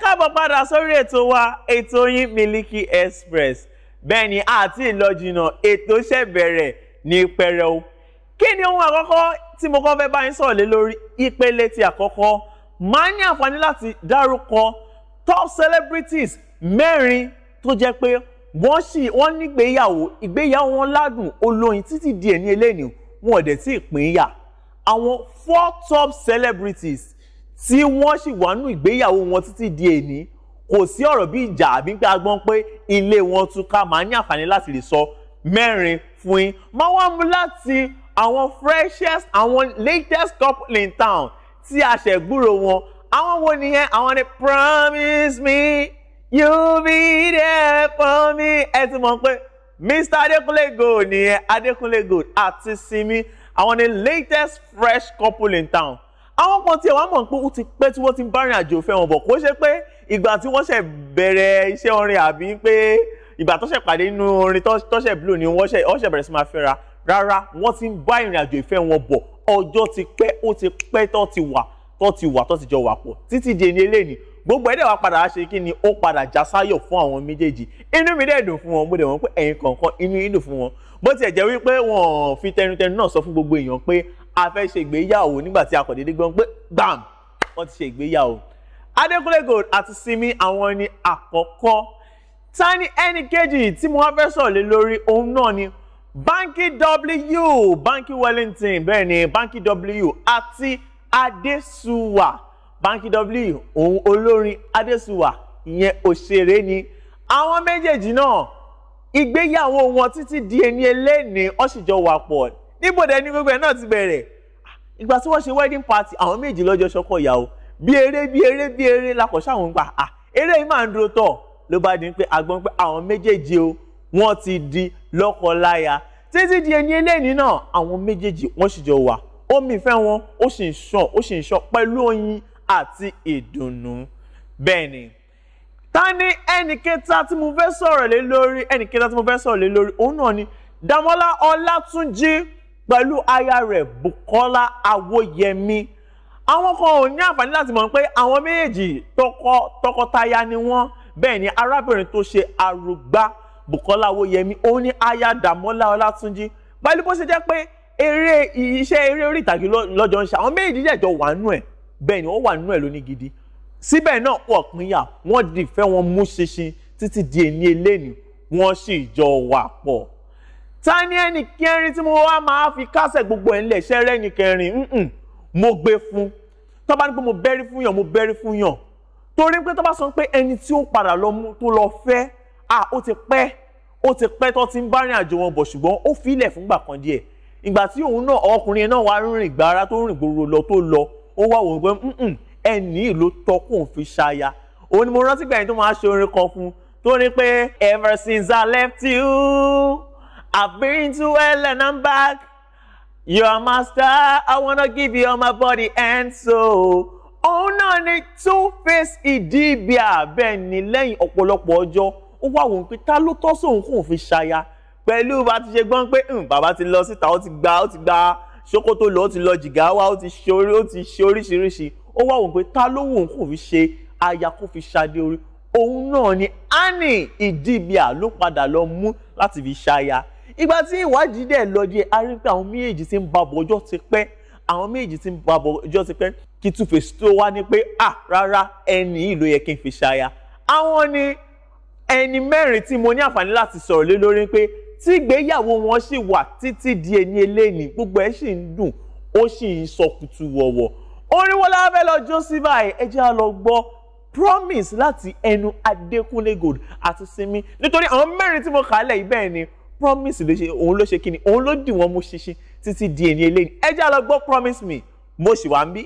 káàbọ̀ padà sórí ètò wa ètò yín Miliki Express bẹ́ẹ̀ ni àti ìlọ jìnnà ètò ṣẹ̀ bẹ̀rẹ̀ ní pẹrẹu kí ni ohun àkọ́kọ́ tí mo kọ́ fẹ́ bá yín sọ̀rọ̀ lé lórí ìpele ti àkọ́kọ́ máa ní àǹfààní láti dárúkọ top celebrities mẹ́rin tó jẹ́ pé wọ́n sì wọ́n nígbéyàwó ìgbéyàwó wọn ládùn olóyin títí di ẹni eléyìí wọn ò dẹ̀ tí ì pín yà àwọn four top celebrities tí wọ́n sì wà nínú ìgbéyàwó wọn títí di èní kò sí ọ̀rọ̀ bí ìjà àbí pé a gbọ́n pé ilé wọn túká máa ní àǹfààní láti lè sọ mẹ́rin fún yín máa wá mú láti àwọn freshest àwọn latest couple in town tí a ṣẹ̀ gbúrò wọn àwọn wo nìyẹn àwọn ni promise me you be there for me ẹ ti mọ̀ pé mr adekunle gold nìyẹn adekunle gold àti simi àwọn ni latest fresh couple in town àwọn kan tiẹ̀ wá mọ̀ pé ó ti pẹ́ tí wọ́n ti ń bá rìn àjò fẹ́ wọn bọ̀ kó ṣe pé ìgbà tí wọ́n ṣẹ̀ bẹ̀rẹ̀ iṣẹ́ orin àbí pé ìgbà tó ṣẹ̀ pàdé nínú orin tó ṣẹ̀ blue ni wọ́n ṣẹ̀ bẹ̀rẹ̀ sí máa fẹ́ra rárá wọ́n ti ń bá ìrìn àjò ìfẹ́ wọn bọ̀ ọjọ́ ti pẹ́ ó ti pẹ́ tó ti wà tó ti wà tó ti jọ wà pọ̀ títí di ẹni eléyìí gbogbo ẹ̀dẹ̀ wa padà ṣe kí ni ó padà já sáyọ̀ fún àwọn méjèèjì inú mi dẹ̀ dùn fún wọn mo dẹ̀ wọ́n pé ẹ̀yin kọ̀ọ̀kan inú yín dùn fún wọn bó tiẹ̀ jẹ́ wípé wọ́n fi tẹnutẹnu náà sọ fún gbogbo èèyàn pé a fẹ́ ṣe ìgbéyàwó nígbà tí a kọ̀ déédéé gbọ́n pé bam wọ́n ti ṣe ìgbéyàwó Adékúnlé Gold àti Simi àwọn ni àkọ́kọ́ ta ni ẹni kejì tí mo wá fẹ́ sọ̀rọ̀ lé lórí òun náà ni banki W banki Wellington bẹ́ẹ̀ ni Banky W àti Adesuwa banki W òun olórin Adesuwa ìyẹn òṣèré ni àwọn méjèèjì náà ìgbéyàwó wọn títí di ẹni ẹlẹ́ni ó sì jọ wà pọ̀ níbo dẹ̀ ni gbogbo ẹ̀ náà ti bẹ̀rẹ̀ ìgbà tí wọ́n ṣe wedding party àwọn méjì lọ́jọ́ ṣọkọ ìyàwó bí eré bí eré bí eré lakọ̀ṣà àwọn gbà à eré yìí máa ń dúró tọ̀ ló bá di pé àgbọn pé àwọn méjèèjì o wọ́n ti di lọ́kọláya títí di ẹni eléyìí náà àwọn méjèèjì wọ́n sì jọ wà omi ìfẹ́ wọn ó sì ń ṣàn ó sì ń ṣàn pẹ̀lú oyin àti ìdùnnú bẹ́ẹ̀ ni ta ni ẹnì kẹta tí mo fẹ́ sọ̀rọ̀ lé lórí ẹnì kẹta tí mo fẹ́ sọ̀rọ̀ lé lórí òun náà ni Dámọ́lá Ọlátúnjí pẹ̀lú aya rẹ̀ bukola Awóyẹmí àwọn kan ò ní àǹfààní láti mọ̀ pé àwọn méjèèjì tọkọtaya ni wọ́n bẹ́ẹ̀ ni arábìnrin tó ṣe arúgbá Bùkọ́lá Awóyẹmí òun ni aya Dàmọ́lá Ọlátúnjí pẹ̀lú bó ṣe jẹ́ pé eré iṣẹ́ eré orí ìtàgé lọ́jọ́ ń ṣe àwọn méjèèjì jẹ̀jọ wà nù ẹ̀ bẹ́ẹ̀ ni wọ́n wà nù ẹ̀ lóní gidi síbẹ̀ náà pọ̀ pínyà wọ́n dìfẹ́ wọn mú ṣinṣin títí di èní eléni wọ́n sì jọ wà pọ̀ ta ni ẹnì kẹrin tí mo wá máa fi kásẹ̀ gbogbo ẹ̀ ńlẹ̀ ṣẹ́rẹ́ ẹnì kẹrin mo gbé fún tó bá ní pé mo bẹ́rí fún yàn mo bẹ́rí fún yàn torí pé tó bá sọ pé ẹni tí ó padà lọ mú tó lọ fẹ́ à ó ti pẹ́ ó ti pẹ́ tó ti ń bá rìn àjò wọn bọ̀ ṣùgbọ́n ó filẹ̀ fúngbà kan díẹ̀ ìgbà tí òun náà ọkùnrin yẹn náà wá rìnrìn gbàrà tó rìn gbòòrò lọ tó lọ ó wá wò pé ẹni ìlú tọkùn fi ṣaya òun ni mo rántí gbẹ̀yìn tó máa ṣe orin kan fún tó pé ever since I left you I've been to hell and I'm back. You're my master. I wanna give you all my body and soul. Oh no! ni Two-Face Idibia bẹ́ẹ̀ ni lẹ́yìn ọ̀pọ̀lọpọ̀ ọjọ́ ó wà wọ́n pé ta ló tọ́ sóun kò fi ṣaya pẹ̀lú bá ti ṣe gbọ́n pé hmm, bàbá ti lọ síta ó ti gba ó ti gba Sókótó lọ ó ti lọ Jìgáwá ó ti ṣe orí ó ti ṣe oríṣiríṣi ó wà wọ́n pé ta ló wù kò fi ṣe aya kó fi ṣadé orí òun náà ni Annie Idibia ló padà lọ mú láti fi ṣaya ìgbà tí ìwádìí dẹ̀ lọ díẹ̀ a rí pé àwọn méjèèjì ti ń babọ̀ ọjọ́ ti pẹ́ àwọn méjì tí ń babọ̀ ọjọ́ ti pẹ́ kí Two Face tó wá ní pé à rárá ẹni yìí ló yẹ kí n fi ṣaya àwọn ni ẹni mẹ́rin tí mo ní àǹfààní láti sọ̀rọ̀ lé lórí pé tí ìgbéyàwó wọn sì wà títí di ẹni eléyìí gbogbo ẹ̀ sì ń dùn ó sì ń sọ kùtù wọ̀wọ̀ orin wọn láwọn lọ jó ẹ jẹ́ á lọ gbọ́ promise láti ẹnu Adékúnlé Gold àti Simi nítorí àwọn mẹ́rin tí mo kà á lẹ̀ yìí bẹ́ẹ̀ ni promise ló ṣe òun ló ṣe kíni òun ló dì wọ́n mú ṣinṣin títí di èyí eléyìí ẹ já lọ gbọ́ promise me mo sì wá ń bí.